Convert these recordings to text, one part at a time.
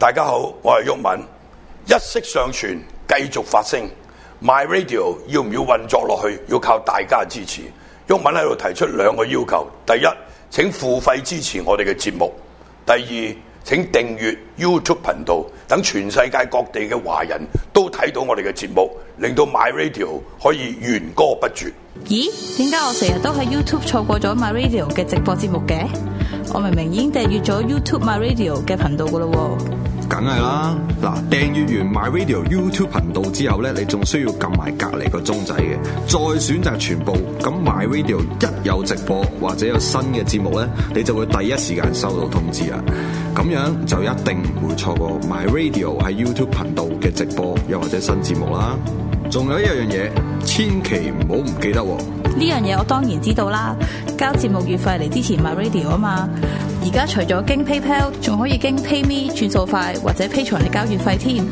大家好，我係毓民，一息尚存，繼續發聲。My Radio 要唔要運作落去？要靠大家嘅支持。毓民喺度提出兩個要求：第一，請付費支持我哋嘅節目；第二，請訂閱 YouTube 頻道，等全世界各地嘅華人都睇到我哋嘅節目，令到 My Radio 可以弦歌不絕。咦？點解我成日都喺 YouTube 錯過咗 My Radio 嘅直播節目嘅？我明明已經訂閱咗 YouTube My Radio 嘅頻道噶啦喎。梗係啦，嗱，訂閱完 My Radio YouTube 頻道之後咧，你仲需要撳埋隔籬個鐘仔嘅，再選擇全部。咁 My Radio 一有直播或者有新嘅節目咧，你就會第一時間收到通知啦！咁樣就一定唔會錯過 My Radio 喺 YouTube 頻道嘅直播又或者新節目啦。仲有一樣嘢，千祈唔好唔記得。呢樣嘢我當然知道啦，交節目月費嚟支持 My Radio 啊嘛。而家除咗經 PayPal，仲可以經 PayMe 轉數快，或者 Patreon 嚟交月費添。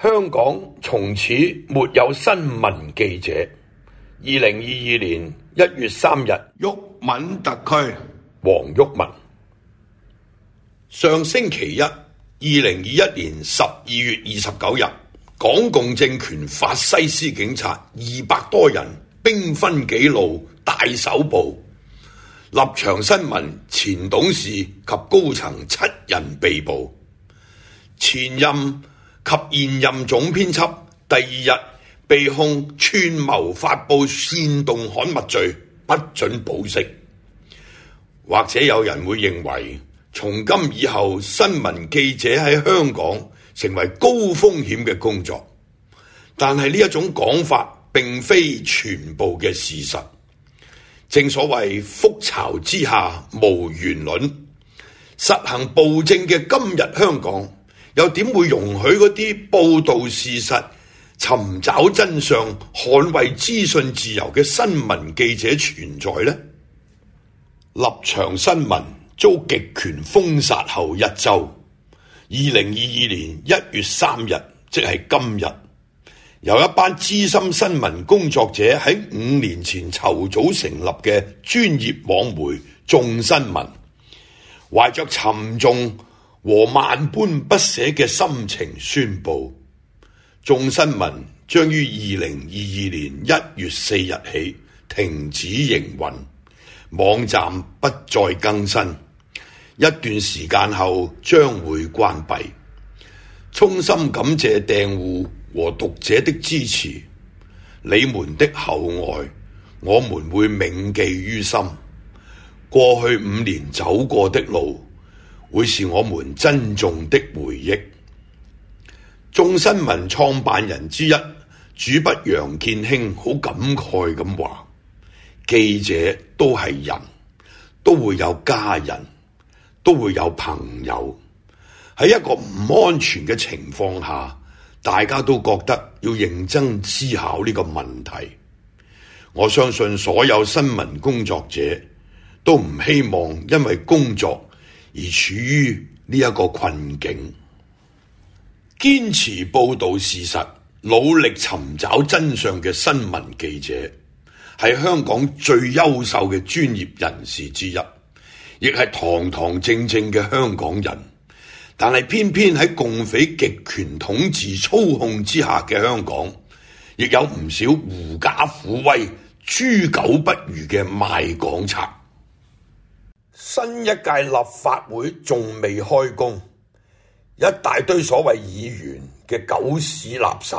香港從此沒有新聞記者。二零二二年一月三日，毓民特區，黃毓民。上星期一，二零二一年十二月二十九日，港共政權法西斯警察二百多人。兵分幾路，大搜捕立場新聞前董事及高層七人被捕，前任及現任總編輯第二日被控串謀發布煽動刊物罪，不准保釋。或者有人會認為，從今以後新聞記者喺香港成為高風險嘅工作，但係呢一種講法，並非全部嘅事實。正所謂覆巢之下無完卵。實行暴政嘅今日香港，又點會容許嗰啲報道事實、尋找真相、捍衛資訊自由嘅新聞記者存在呢？立場新聞遭極權封殺後一周，二零二二年一月三日，即係今日。有一班資深新聞工作者喺五年前籌組成立嘅專業網媒眾新聞，懷着沉重和萬般不捨嘅心情宣布，眾新聞將於二零二二年一月四日起停止營運，網站不再更新，一段時間後將會關閉。衷心感謝訂戶。和讀者的支持，你們的厚愛，我們會銘記於心。過去五年走過的路，會是我們珍重的回憶。眾新聞創辦人之一主筆楊建興好感慨咁話：記者都係人，都會有家人，都會有朋友喺一個唔安全嘅情況下。大家都覺得要認真思考呢個問題，我相信所有新聞工作者都唔希望因為工作而處於呢一個困境。堅持報導事實，努力尋找真相嘅新聞記者，係香港最優秀嘅專業人士之一，亦係堂堂正正嘅香港人。但係偏偏喺共匪極權統治操控之下嘅香港，亦有唔少狐假虎威、豬狗不如嘅賣港賊。新一屆立法會仲未開工，一大堆所謂議員嘅狗屎垃圾，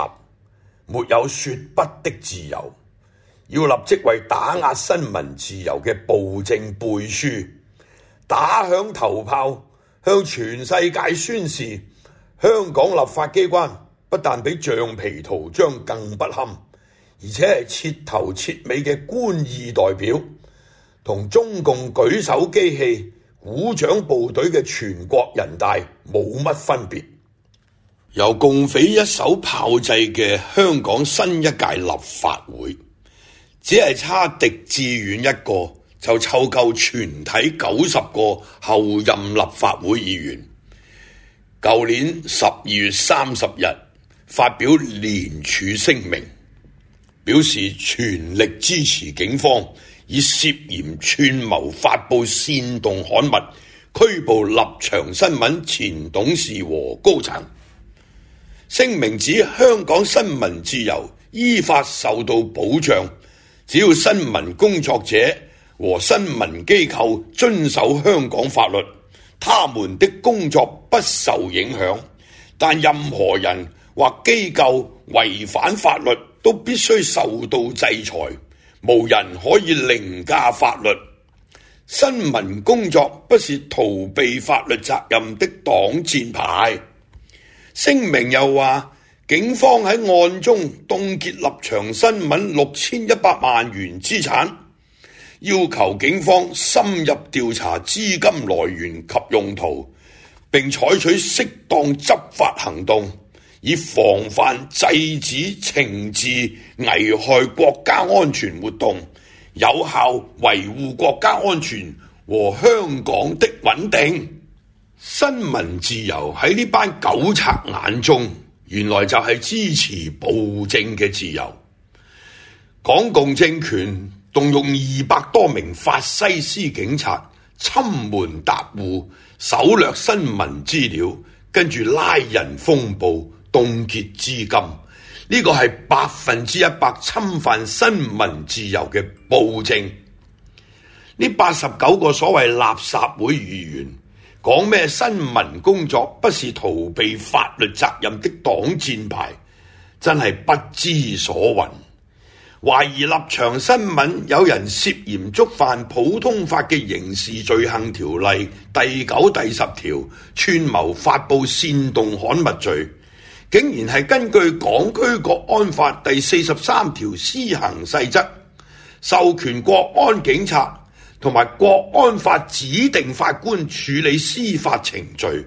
沒有說不的自由，要立即為打壓新聞自由嘅暴政背書，打響頭炮。向全世界宣示，香港立法機關不但比橡皮圖章更不堪，而且係徹頭徹尾嘅官意代表，同中共舉手機器、鼓掌部隊嘅全國人大冇乜分別。由共匪一手炮製嘅香港新一屆立法會，只係差狄志遠一個。就湊夠全體九十個候任立法會議員，舊年十二月三十日發表聯署聲明，表示全力支持警方以涉嫌串謀發布煽動刊物，拘捕立場新聞前董事和高層。聲明指香港新聞自由依法受到保障，只要新聞工作者，和新聞機構遵守香港法律，他們的工作不受影響。但任何人或機構違反法律，都必須受到制裁。無人可以凌駕法律。新聞工作不是逃避法律責任的擋箭牌。聲明又話，警方喺案中凍結立場新聞六千一百萬元資產。要求警方深入調查資金來源及用途，並採取適當執法行動，以防範制止、懲治危害國家安全活動，有效維護國家安全和香港的穩定。新聞自由喺呢班狗賊眼中，原來就係支持暴政嘅自由。港共政權，動用二百多名法西斯警察，侵門踏戶，搜掠新聞資料，跟住拉人封報、凍結資金，呢個係百分之一百侵犯新聞自由嘅暴政。呢八十九個所謂垃圾會議員講咩？新聞工作不是逃避法律責任的擋箭牌，真係不知所云。懷疑立場新聞有人涉嫌觸犯普通法嘅刑事罪行條例第九、第十條，串謀發布煽動刊物罪，竟然係根據港區國安法第四十三條施行細則，授權國安警察同埋國安法指定法官處理司法程序。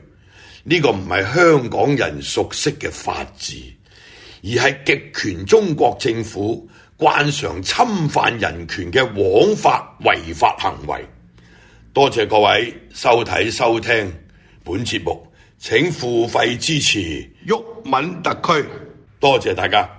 呢個唔係香港人熟悉嘅法治，而係極權中國政府。慣常侵犯人權嘅枉法違法行為。多謝各位收睇收聽本節目，請付費支持毓民特區。多謝大家。